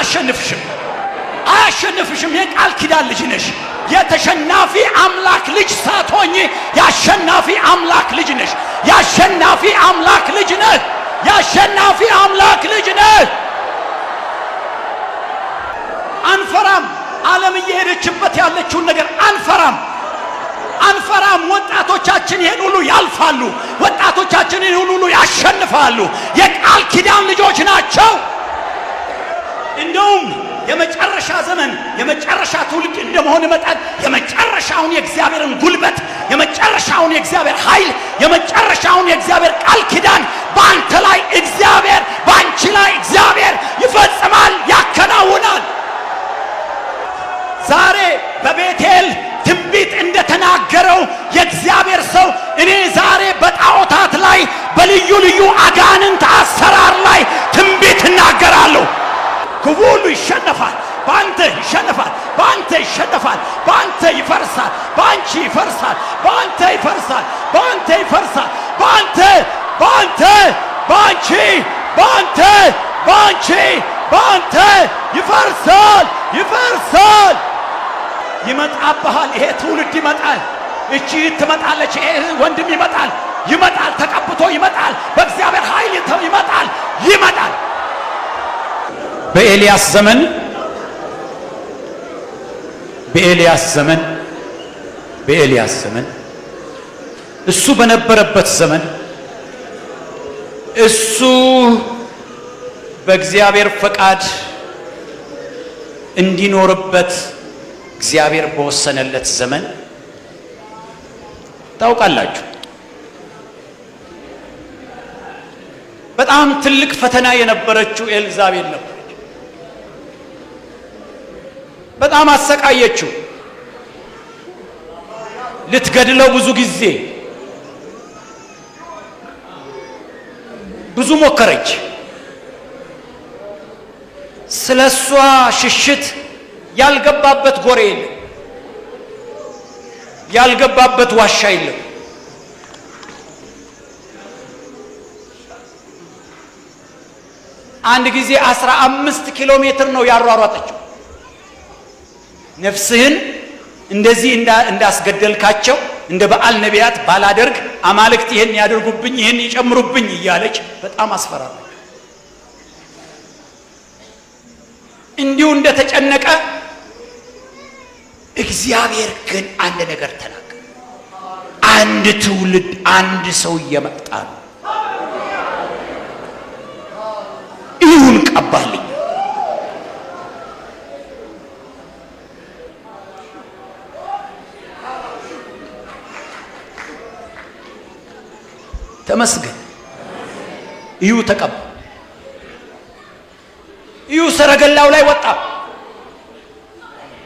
አያሸንፍሽም፣ አያሸንፍሽም። የቃል ኪዳን ልጅ ነሽ። የተሸናፊ አምላክ ልጅ ሳትሆኚ የአሸናፊ አምላክ ልጅ ነሽ። የአሸናፊ አምላክ ልጅ ነህ። የአሸናፊ አምላክ ልጅ ነህ። አንፈራም። ዓለም እየሄደችበት ያለችውን ነገር አንፈራም አንፈራም። ወጣቶቻችን ይህን ሁሉ ያልፋሉ። ወጣቶቻችን ይህን ሁሉ ያሸንፋሉ። የቃል ኪዳን ልጆች ናቸው። ዘመኑም የመጨረሻ ዘመን የመጨረሻ ትውልድ እንደመሆን መጠን የመጨረሻውን የእግዚአብሔርን ጉልበት፣ የመጨረሻውን የእግዚአብሔር ኃይል፣ የመጨረሻውን የእግዚአብሔር ቃል ኪዳን በአንተ ላይ እግዚአብሔር በአንቺ ላይ እግዚአብሔር ይፈጽማል፣ ያከናውናል። ዛሬ በቤቴል ትንቢት እንደተናገረው የእግዚአብሔር ሰው እኔ ዛሬ በጣዖታት ላይ በልዩ ልዩ አጋንንት አሰራር ላይ ትንቢት እናገራለሁ። ክፉ ሁሉ ይሸነፋል። በአንተ ይሸነፋል። በአንተ ይሸነፋል። በአንተ ይፈርሳል። በአንቺ ይፈርሳል። በአንተ ይፈርሳል። በአንተ ይፈርሳል። በአንተ በአንተ በአንቺ በአንተ በአንቺ በአንተ ይፈርሳል። ይፈርሳል። ይመጣብሃል። ይሄ ትውልድ ይመጣል። እቺ ትመጣለች። ይሄ ወንድም ይመጣል። ይመጣል ተቀብቶ በኤልያስ ዘመን በኤልያስ ዘመን በኤልያስ ዘመን እሱ በነበረበት ዘመን እሱ በእግዚአብሔር ፈቃድ እንዲኖርበት እግዚአብሔር በወሰነለት ዘመን ታውቃላችሁ በጣም ትልቅ ፈተና የነበረችው ኤልዛቤል ነበር። በጣም አሰቃየችው። ልትገድለው ብዙ ጊዜ ብዙ ሞከረች። ስለ እሷ ሽሽት ያልገባበት ጎሬ የለም፣ ያልገባበት ዋሻ የለም። አንድ ጊዜ አስራ አምስት ኪሎ ሜትር ነው ያሯሯጠችው። ነፍስህን እንደዚህ እንዳስገደልካቸው እንደ በዓል ነቢያት ባላደርግ አማልክት ይህን ያደርጉብኝ ይህን ይጨምሩብኝ እያለች በጣም አስፈራራች። እንዲሁ እንደተጨነቀ እግዚአብሔር ግን አንድ ነገር ተናገረ። አንድ ትውልድ አንድ ሰው እየመጣ ነው ተመስገን። እዩ ተቀባ። እዩ ሰረገላው ላይ ወጣ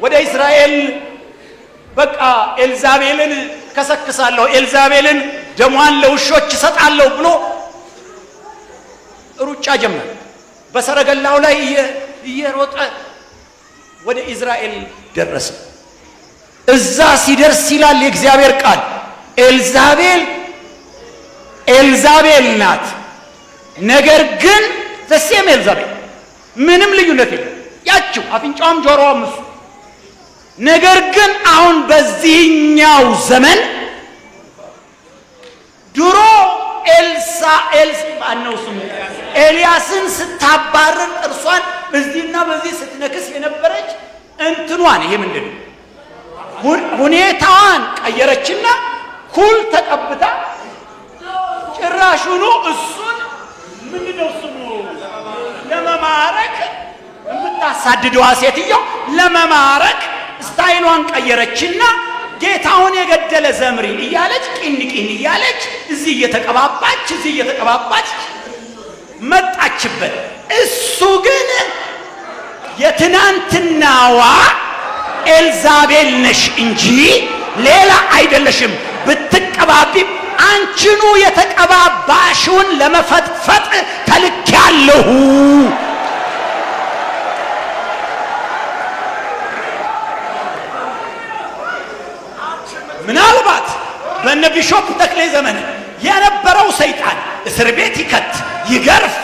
ወደ እስራኤል። በቃ ኤልዛቤልን ከሰክሳለሁ፣ ኤልዛቤልን ደሟን ለውሾች እሰጣለሁ ብሎ ሩጫ ጀመረ። በሰረገላው ላይ እየሮጠ ወደ ኢዝራኤል ደረሰ። እዛ ሲደርስ ይላል የእግዚአብሔር ቃል ኤልዛቤል ኤልዛቤል ናት። ነገር ግን ዘሴም ኤልዛቤል ምንም ልዩነት የለም። ያችው አፍንጫዋም ጆሮዋም እሱ። ነገር ግን አሁን በዚህኛው ዘመን ድሮ ኤልሳ ኤልስ ማነው ስሙ ኤልያስን ስታባርር እርሷን በዚህና በዚህ ስትነክስ የነበረች እንትኗን ይሄ ምንድን ነው ሁኔታዋን ቀየረችና ኩል ተቀብታ ጭራሹኑ እሱን ምንድነው ስሙ ለመማረክ የምታሳድደዋ ሴትዮ ለመማረክ ስታይሏን ቀየረችና ጌታውን የገደለ ዘምሪ እያለች ቂን ቂን እያለች እዚህ እየተቀባባች እዚህ እየተቀባባች መጣችበት። እሱ ግን የትናንትናዋ ኤልዛቤል ነሽ እንጂ ሌላ አይደለሽም ብትቀባቢ አንችኑ የተቀባባሽውን ለመፈጥፈጥ ተልኬያለሁ። ምናልባት በነ ቢሾፕ ተክሌ ዘመን የነበረው ሰይጣን እስር ቤት ይከት፣ ይገርፍ፣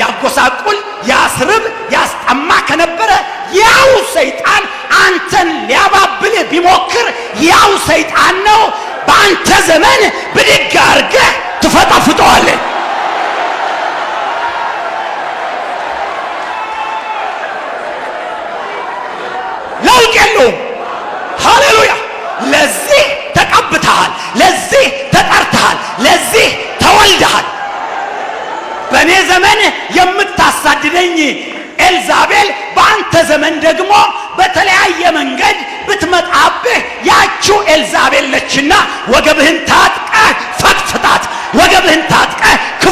ያጎሳቁል፣ ያስርብ፣ ያስጠማ ከነበረ ያው ሰይጣን አንተን ሊያባ انت زمان بدك ارجع تفضى فطوالي لو جنو هاليلويا لزيه تقبتهال لزيه تقرتهال لزيه تولدهال بني زمانه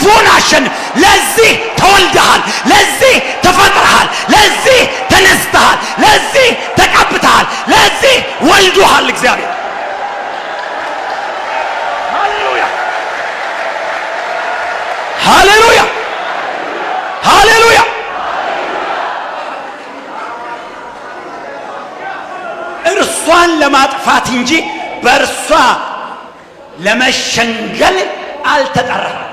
ትሆን አሸን ለዚህ ተወልደሃል፣ ለዚህ ተፈጥረሃል፣ ለዚህ ተነስተሃል፣ ለዚህ ተቀብተሃል፣ ለዚህ ወልዶሃል እግዚአብሔር ሃሌሉያ ሃሌሉያ። እርሷን ለማጥፋት እንጂ በእርሷ ለመሸንገል አልተጠራም።